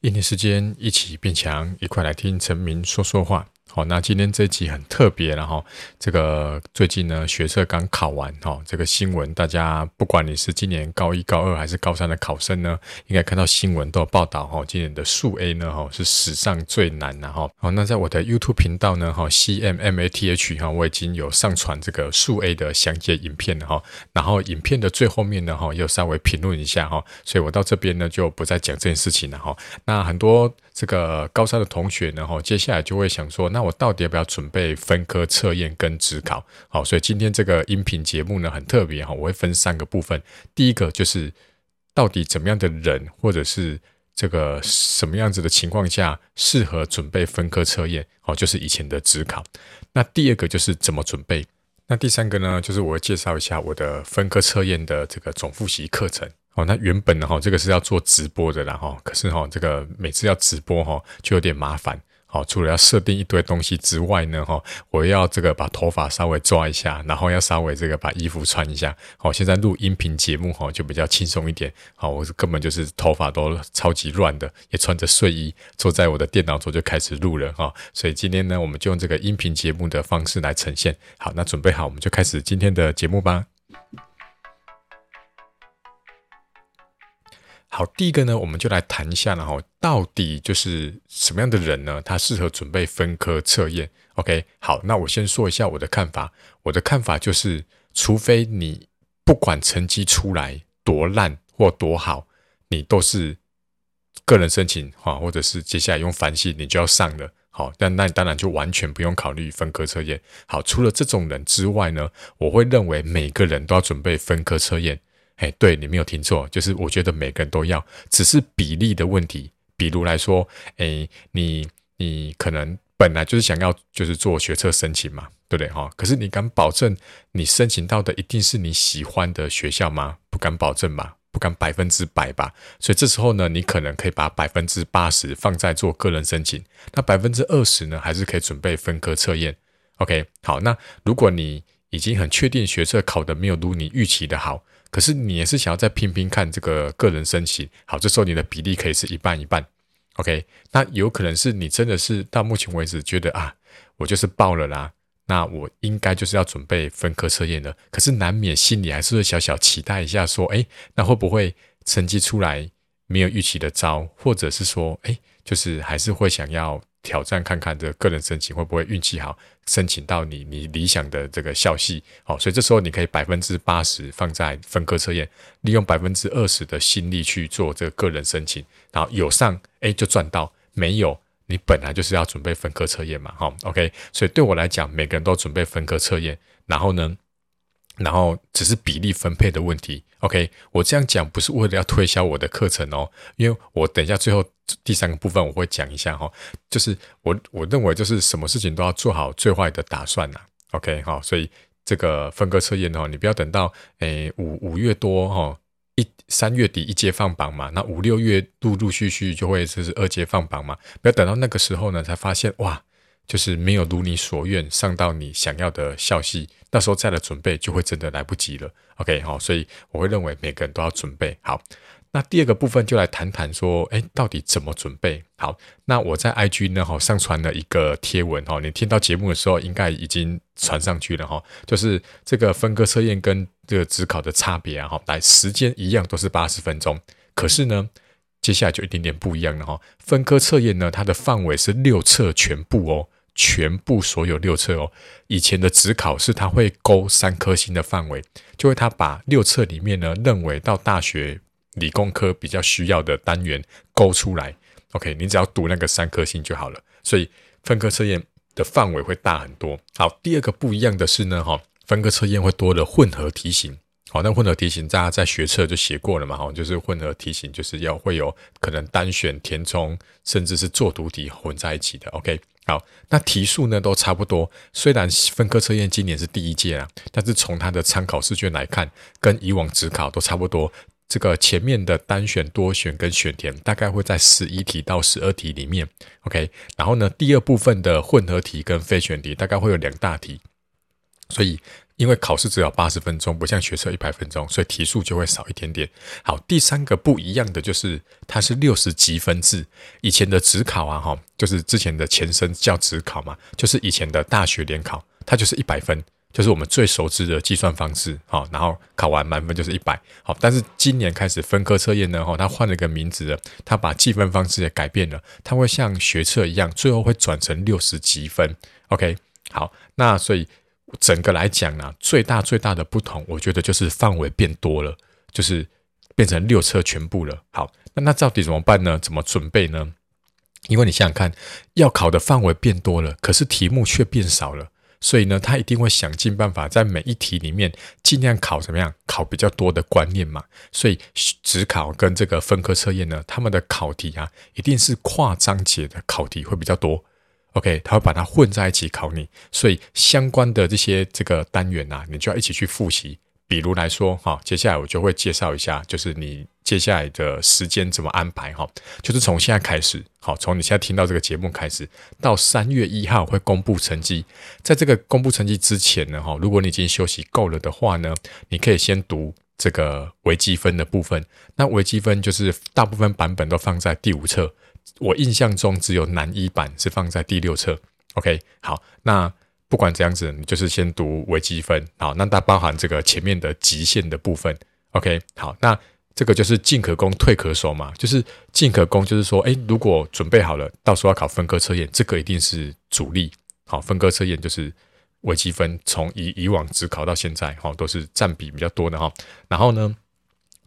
一年時間，一起變強，一塊來聽陳明說說話。好、哦，那今天這一集很特別、哦，然後這個最近呢，學測剛考完哈、哦，這個新聞大家不管你是今年高一、高二還是高三的考生呢，應該看到新聞都有報道哈、哦。今年的數 A 呢，哈、哦、是史上最難的哈、哦。好、哦，那在我的 YouTube 頻道呢，哈、哦、CMMATH 哈、哦，我已經有上傳這個數 A 的詳解影片哈、哦。然後影片的最後面呢，哈、哦、有稍微評論一下哈、哦。所以我到這邊呢，就不再講這件事情了哈、哦。那很多。這個高三的同學呢，哈，接下來就會想說，那我到底要不要準備分科測驗跟指考？好，所以今天這個音頻節目呢，很特別哈，我會分三個部分。第一個就是到底怎麼樣的人，或者是這個什麼樣子的情況下，適合準備分科測驗？哦，就是以前的指考。那第二個就是怎麼準備。那第三個呢，就是我會介紹一下我的分科測驗的這個總複習課程。哦，那原本呢哈、哦，這個是要做直播的，啦。然後、哦，可是哈、哦，這個每次要直播哈、哦，就有點麻煩。好、哦，除了要設定一堆東西之外呢，哈、哦，我要這個把頭髮稍微抓一下，然後要稍微這個把衣服穿一下。好、哦，現在錄音頻節目哈、哦，就比較輕鬆一點。好、哦，我根本就是頭髮都超級亂的，也穿着睡衣，坐在我的電腦桌就開始錄了哈、哦。所以今天呢，我們就用這個音頻節目的方式來呈現。好，那準備好，我們就開始今天的節目吧。好，第一個呢，我們就來談一下，然後到底就是什麼樣的人呢？他適合準備分科測驗？OK，好，那我先說一下我的看法。我的看法就是，除非你不管成績出來多爛或多好，你都是個人申請哈，或者是接下來用繁星，你就要上了。好，但那你當然就完全不用考慮分科測驗。好，除了這種人之外呢，我會認為每個人都要準備分科測驗。誒，對你沒有聽錯，就是我覺得每個人都要，只是比例的問題。比如來說，誒，你你可能本來就是想要就是做學測申請嘛，對不對哈？可是你敢保證你申請到的一定是你喜歡的學校嗎？不敢保證吧，不敢百分之百吧。所以這時候呢，你可能可以把百分之八十放在做個人申請，那百分之二十呢，還是可以準備分科測驗。OK，好，那如果你已經很確定學測考得沒有如你預期的好。可是你也是想要再拼拼看這個個人申請，好，這時候你的比例可以是一半一半，OK？那有可能是你真的是到目前為止覺得啊，我就是爆了啦，那我應該就是要準備分科測驗的，可是難免心裡還是會小小期待一下，說，哎，那會不會成績出來沒有預期的招，或者是說，哎，就是還是會想要。挑戰看看這個個人申請會不會運氣好，申請到你你理想的這個校系，哦、所以這時候你可以百分之八十放在分科測驗，利用百分之二十的心力去做這個個人申請，然後有上哎、欸、就賺到，沒有你本來就是要準備分科測驗嘛，好、哦，OK，所以對我來講，每個人都準備分科測驗，然後呢？然後只是比例分配的問題。OK，我這樣講不是為了要推銷我的課程哦，因為我等一下最後第三個部分我會講一下哦，就是我我認為就是什麼事情都要做好最壞的打算吶、啊。OK，好、哦，所以這個分科測驗哦，你不要等到誒五五月多哦，一三月底一階放榜嘛，那五六月陸,陸陸續續就會就是二階放榜嘛，不要等到那個時候呢才發現哇，就是沒有如你所願上到你想要的校系。那時候再來準備就會真的來不及了。OK，好、哦，所以我會認為每個人都要準備好。那第二個部分就來談談說，哎、欸，到底怎麼準備好？那我在 IG 呢，哈、哦，上傳了一個貼文，哈、哦，你聽到節目的時候應該已經傳上去了，哈、哦，就是這個分科測驗跟這個指考的差別哈，來、哦、時間一樣都是八十分鐘，可是呢，接下來就一點點不一樣了，哈、哦，分科測驗呢，它的範圍是六冊全部哦。全部所有六冊哦，以前的指考是它會勾三顆星的範圍，就是它把六冊裡面呢認為到大學理工科比較需要的單元勾出來。OK，你只要讀那個三顆星就好了。所以分科測驗的範圍會大很多。好，第二個不一樣的是呢，哈、哦，分科測驗會多了混合題型。好、哦，那混合題型大家在學測就寫過了嘛，哈，就是混合題型就是要會有可能單選、填充，甚至是作圖題混在一起的。OK。好，那題數呢都差不多。雖然分科測驗今年是第一屆啊，但是從他的參考試卷來看，跟以往指考都差不多。這個前面的單選、多選跟選填，大概會在十一題到十二題裡面，OK。然後呢，第二部分的混合題跟非選題，大概會有兩大題，所以。因為考試只有八十分鐘，不像學測一百分鐘，所以題數就會少一點點。好，第三個不一樣的就是它是六十級分制。以前的指考啊，哈、哦，就是之前的前身叫指考嘛，就是以前的大學聯考，它就是一百分，就是我們最熟知的計算方式，哈、哦，然後考完滿分就是一百，好、哦，但是今年開始分科測驗呢，哈、哦，它換了一個名字，它把計分方式也改變了，它會像學測一樣，最後會轉成六十級分。OK，好，那所以。整個來講呢、啊，最大最大的不同，我覺得就是範圍變多了，就是變成六冊全部了。好，那那到底怎麼辦呢？怎麼準備呢？因為你想想看，要考的範圍變多了，可是題目卻變少了，所以呢，他一定會想盡辦法在每一題裡面盡量考怎麼樣，考比較多的觀念嘛。所以，指考跟這個分科測驗呢，他們的考題啊，一定是跨章節的考題會比較多。OK，他會把它混在一起考你，所以相關的這些這個單元啊，你就要一起去複習。比如來說，哈，接下來我就會介紹一下，就是你接下來的時間怎麼安排，哈，就是從現在開始，好，從你現在聽到這個節目開始，到三月一號會公布成績。在這個公布成績之前呢，如果你已經休息夠了的話呢，你可以先讀這個微積分的部分。那微積分就是大部分版本都放在第五冊。我印象中只有南一版是放在第六冊，OK，好，那不管怎樣子，你就是先讀微積分，好，那它包含這個前面的極限的部分，OK，好，那這個就是進可攻，退可守嘛，就是進可攻，就是說，哎，如果準備好了，到時候要考分科測驗，這個一定是主力，好，分科測驗就是微積分，從以以往只考到現在，哈，都是佔比比較多的哈，然後呢，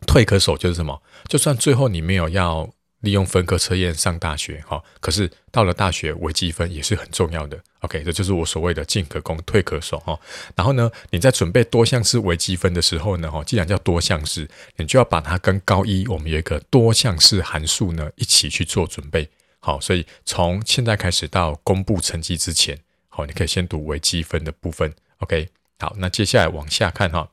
退可守就是什麼，就算最後你沒有要。利用分科測驗上大學哈、哦，可是到了大學微積分也是很重要的。OK，這就是我所謂的進可攻，退可守哈、哦。然後呢，你在準備多項式微積分的時候呢，哈、哦，既然叫多項式，你就要把它跟高一我們有一個多項式函數呢一起去做準備。好、哦，所以從現在開始到公布成績之前，好、哦，你可以先讀微積分的部分。OK，好，那接下來往下看哈、哦，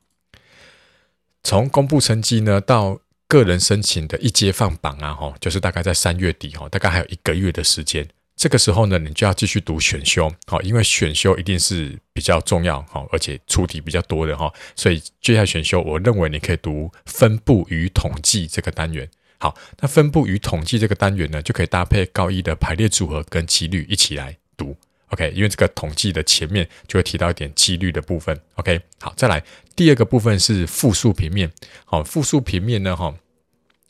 從公布成績呢到。個人申請的一階放榜啊，就是大概在三月底，大概還有一個月的時間。這個時候呢，你就要繼續讀選修，因為選修一定是比較重要，而且出題比較多的，所以接下來選修，我認為你可以讀分布與統計這個單元。好，那分布與統計這個單元呢，就可以搭配高一的排列組合跟幾率一起來讀。OK，因為這個統計的前面就會提到一點幾率的部分。OK，好，再來第二個部分是複數平面。好、哦，複數平面呢哈、哦，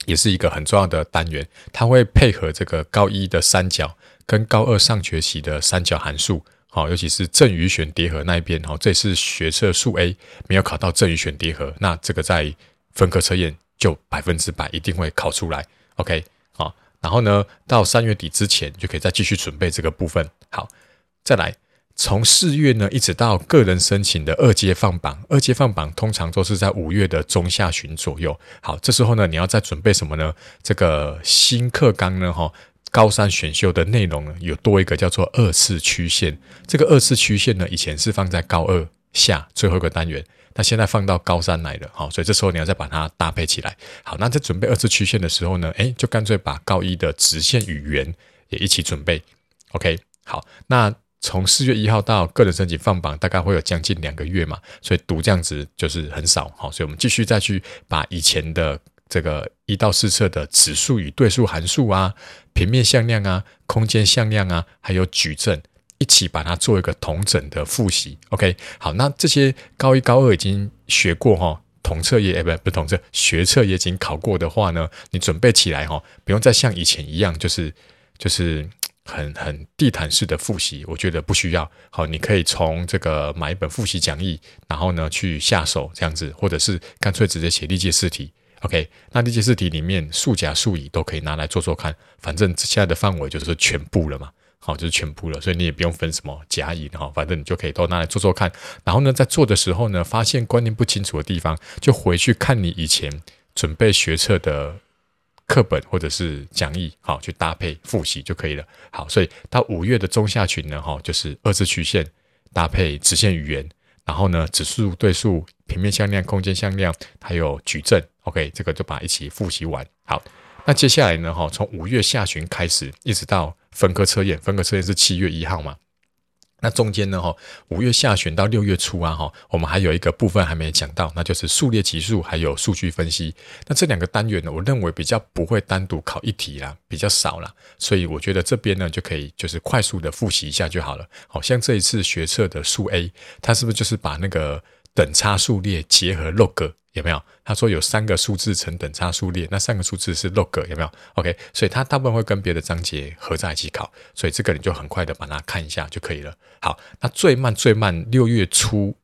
也是一個很重要的單元，它會配合這個高一的三角跟高二上學期的三角函數。好、哦，尤其是正餘弦疊合那一邊。好、哦，這次學測數 A 沒有考到正餘弦疊合，那這個在分科測驗就百分之百一定會考出來。OK，好，然後呢，到三月底之前就可以再繼續準備這個部分。好。再來，從四月呢，一直到個人申請的二階放榜，二階放榜通常都是在五月的中下旬左右。好，這時候呢，你要再準備什麼呢？這個新課綱呢，哈、哦，高三選修的內容有多一個叫做二次曲線，這個二次曲線呢，以前是放在高二下最後一個單元，那現在放到高三來了，哈、哦，所以這時候你要再把它搭配起來。好，那在準備二次曲線的時候呢，哎，就乾脆把高一的直線與圓也一起準備。OK，好，那。從四月一號到個人成績放榜，大概會有將近兩個月嘛，所以讀這樣子就是很少好、哦，所以我們繼續再去把以前的這個一到四冊的指數與對數函數啊、平面向量啊、空間向量啊，還有矩陣一起把它做一個統整的複習。OK，好，那這些高一高二已經學過哈、哦，統測也、欸、不不統測學測也已經考過的話呢，你準備起來、哦、不用再像以前一樣就是就是。很很地毯式的複習，我覺得不需要。好，你可以從這個買一本複習講義，然後呢去下手這樣子，或者是乾脆直接寫歷屆試題。OK，那歷屆試題裡面數甲數乙都可以拿來做做看，反正現在的範圍就是全部了嘛。好，就是全部了，所以你也不用分什麼甲乙，反正你就可以都拿來做做看。然後呢，在做的時候呢，發現觀念不清楚的地方，就回去看你以前準備學測的，課本或者是講義，好去搭配複習就可以了。好，所以到五月的中下旬呢，哈，就是二次曲線搭配直線與圓，然後呢指數、對數、平面向量、空間向量，還有矩陣，OK，這個就把一起複習完。好，那接下來呢，哈，從五月下旬開始，一直到分科測驗，分科測驗是七月一號嘛？那中間呢，哈，五月下旬到六月初啊，哈，我們還有一個部分還沒講到，那就是數列級數還有數據分析。那這兩個單元呢，我認為比較不會單獨考一題啦，比較少啦，所以我覺得這邊呢，就可以就是快速的復習一下就好了。好，像這一次學測的數 A，它是不是就是把那個等差數列結合 log？有沒有？他說有三個數字成等差數列，那三個數字是 log，有沒有？OK，所以他大部分會跟別的章節合在一起考，所以這個你就很快的把它看一下就可以了。好，那最慢最慢六月初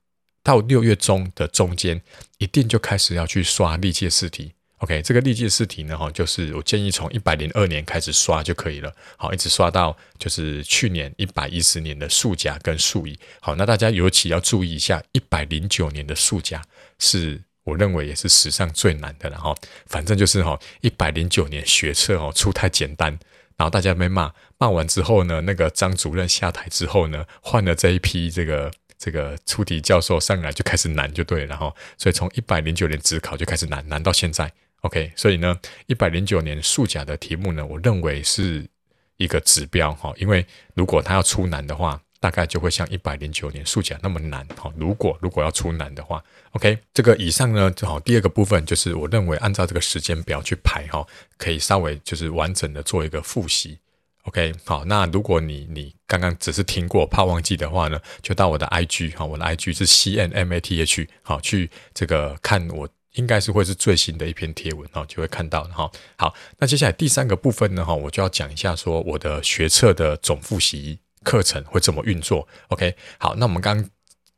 到六月中的中間，一定就開始要去刷歷屆試題。OK，這個歷屆試題呢，就是我建議從一百零二年開始刷就可以了。好，一直刷到就是去年一百一十年的數甲跟數乙。好，那大家尤其要注意一下一百零九年的數甲是。我認為也是史上最難的，然後反正就是哈，一百零九年學測哦出太簡單，然後大家沒罵，罵完之後呢，那個張主任下台之後呢，換了這一批這個這個出題教授上來就開始難就對了，然後所以從一百零九年指考就開始難，難到現在，OK，所以呢，一百零九年數甲的題目呢，我認為是一個指標，因為如果他要出難的話。大概就會像一百零九年數甲那麼難哈、哦。如果如果要出難的話，OK，這個以上呢，就好，第二個部分就是我認為按照這個時間表去排哈、哦，可以稍微就是完整的做一個複習，OK，好。那如果你你剛剛只是聽過怕忘記的話呢，就到我的 IG 哈、哦，我的 IG 是 CNMATHE、哦、去這個看，我應該是會是最新的一篇貼文哦，就會看到哈、哦。好，那接下來第三個部分呢哈、哦，我就要講一下說我的學測的總複習。課程會怎麼運作？OK，好，那我們剛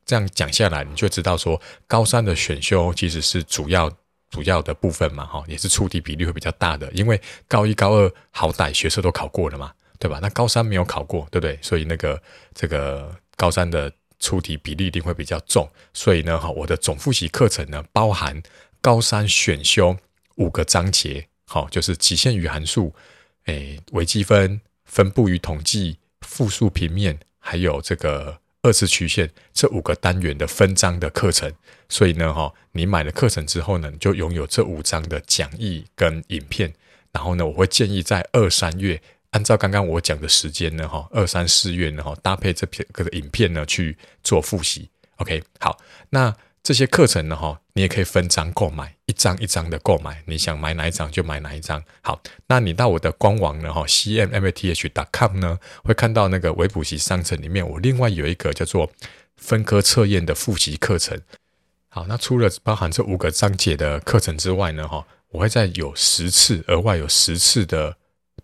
這樣講下來，你就知道說，高三的選修其實是主要主要的部分嘛，哈，也是出題比例會比較大的，因為高一高二好歹學測都考過了嘛，對吧？那高三沒有考過，對不對？所以那個這個高三的出題比例一定會比較重。所以呢，哈，我的總複習課程呢，包含高三選修五個章節，好，就是極限與函數，哎，微積分，分布與統計。複數平面，還有這個二次曲線這五個單元的分章的課程，所以呢，你買了課程之後呢，你就擁有這五章的講義跟影片。然後呢，我會建議在二三月，按照剛剛我講的時間呢，二三四月呢，搭配這個影片呢去做複習。OK，好，那。這些課程呢，哈，你也可以分章購買，一章一章的購買，你想買哪一章就買哪一章。好，那你到我的官網呢，哈，cmmath.com 呢，會看到那個微補習商城裡面，我另外有一個叫做分科測驗的複習課程。好，那除了包含這五個章節的課程之外呢，哈，我會再有十次，額外有十次的。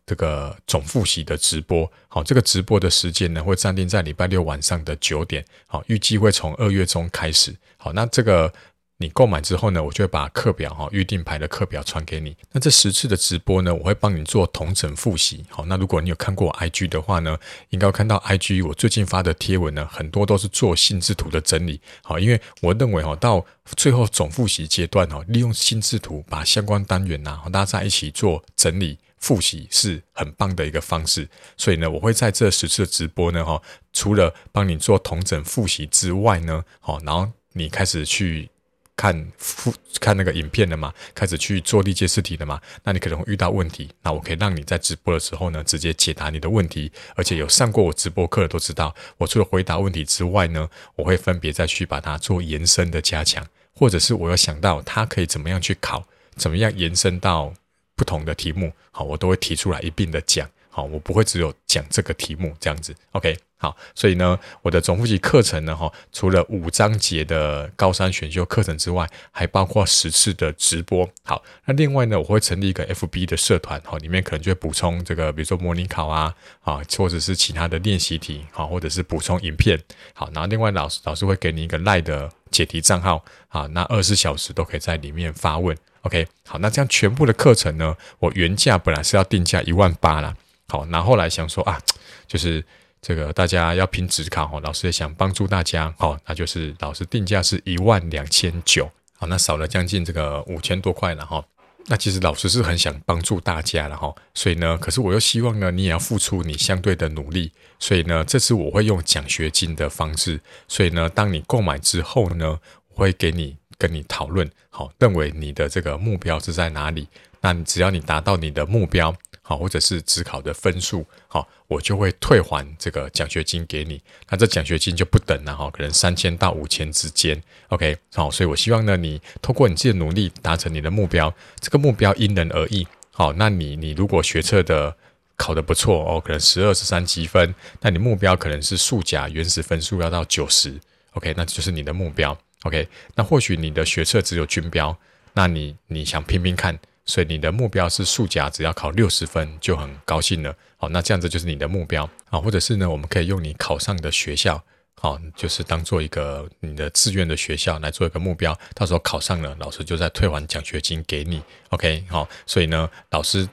這個總複習的直播，好，這個直播的時間呢，會暫定在禮拜六晚上的九點，好，預計會從二月中開始，好，那這個你購買之後呢，我就會把課表哈，預定排的課表傳給你。那這十次的直播呢，我會幫你做統整複習，好，那如果你有看過 IG 的話呢，應該會看到 IG 我最近發的貼文呢，很多都是做心智圖的整理，好，因為我認為哈，到最後總複習階段哦，利用心智圖把相關單元吶和大家在一起做整理。複習是很棒的一個方式，所以呢，我會在這十次的直播呢，哈、哦，除了幫你做統整複習之外呢，哦，然後你開始去看複看那個影片，了嘛，開始去做歷屆試題了嘛，那你可能會遇到問題，那我可以讓你在直播的時候呢，直接解答你的問題，而且有上過我直播課的都知道，我除了回答問題之外呢，我會分別再去把它做延伸的加強，或者是我有想到它可以怎麼樣去考，怎麼樣延伸到。不同的題目，好，我都會提出來一併的講，好，我不會只有講這個題目這樣子，OK，好，所以呢，我的總複習課程呢，哈、哦，除了五章節的高三選修課程之外，還包括十次的直播，好，那另外呢，我會成立一個 FB 的社團，哈、哦，裡面可能就會補充這個，比如說模擬考啊，啊，或者是其他的練習題，哈、啊，或者是補充影片，好，然後另外老師老師會給你一個 LINE 的解題賬號，啊，那二十四小時都可以在裡面發問。OK，好，那這樣全部的課程呢，我原價本來是要定價一萬八了，好，那後來想說啊，就是這個大家要拼指考，哈，老師也想幫助大家，哈，那就是老師定價是一萬兩千九，好，那少了將近這個五千多塊了，哈，那其實老師是很想幫助大家了，哈，所以呢，可是我又希望呢，你也要付出你相對的努力，所以呢，這次我會用獎學金的方式，所以呢，當你購買之後呢，我會給你。跟你討論，好，認為你的這個目標是在哪裡？那你只要你達到你的目標，好，或者是指考的分數，好，我就會退還這個獎學金給你。那這獎學金就不等了，哈，可能三千到五千之間。OK，好，所以我希望呢，你透過你自己的努力達成你的目標。這個目標因人而異，好，那你你如果學測的考得不錯哦，可能十二十三級分，那你目標可能是數甲原始分數要到九十，OK，那就是你的目標。OK，那或許你的學測只有均標，那你你想拼拼看，所以你的目標是數甲只要考六十分就很高興了。好，那這樣子就是你的目標啊，或者是呢，我們可以用你考上的學校，好、啊，就是當做一個你的志願的學校來做一個目標，到時候考上了，老師就再退還獎學金給你。OK，好、啊，所以呢，老師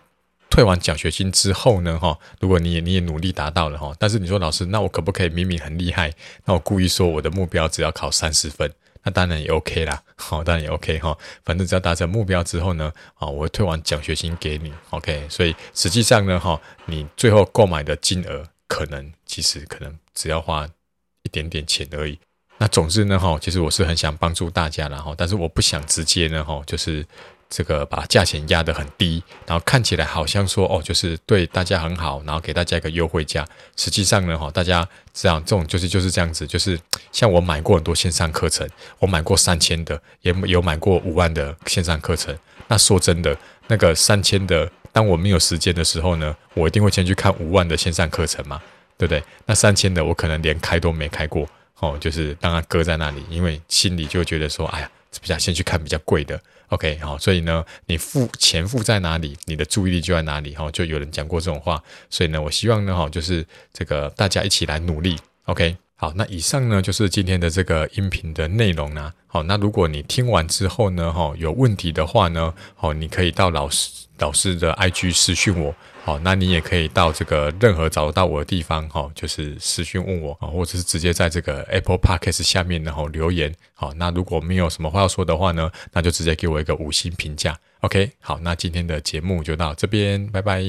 退完獎學金之後呢，哈、啊，如果你也你也努力達到了哈、啊，但是你說老師，那我可不可以明明很厲害，那我故意說我的目標只要考三十分？那當然也 OK 啦，好、哦，當然也 OK 哈、哦。反正只要達成目標之後呢，啊、哦，我會退完獎學金給你，OK。所以實際上呢，哈、哦，你最後購買的金額可能其實可能只要花一點點錢而已。那總之呢，哈、哦，其實我是很想幫助大家的，哦，但是我不想直接呢，哦，就是。這個把價錢壓得很低，然後看起來好像說哦，就是對大家很好，然後給大家一個優惠價。實際上呢，哈，大家這樣這種就是就是這樣子，就是像我買過很多線上課程，我買過三千的，也，也有買過五萬的線上課程。那說真的，那個三千的，當我沒有時間的時候呢，我一定會先去看五萬的線上課程嘛，對不對？那三千的我可能連開都沒開過，哦，就是當然擱在那裡，因為心裡就會覺得說，哎呀，不想先去看比較貴的。OK，好，所以呢，你付錢付在哪裡，你的注意力就在哪裡，哈、哦，就有人講過這種話，所以呢，我希望呢，哈、哦，就是這個大家一起來努力，OK，好，那以上呢，就是今天的這個音頻的內容啦、啊。好、哦，那如果你聽完之後呢，哈、哦，有問題的話呢，哦，你可以到老師老師的 IG 私訊我。哦，那你也可以到這個任何找到我的地方，哈、哦，就是私訊問我啊、哦，或者是直接在這個 Apple Podcast 下面然後、哦、留言。好、哦，那如果沒有什麼話要說的話呢，那就直接給我一個五星評價。OK，好，那今天的節目就到這邊，拜拜。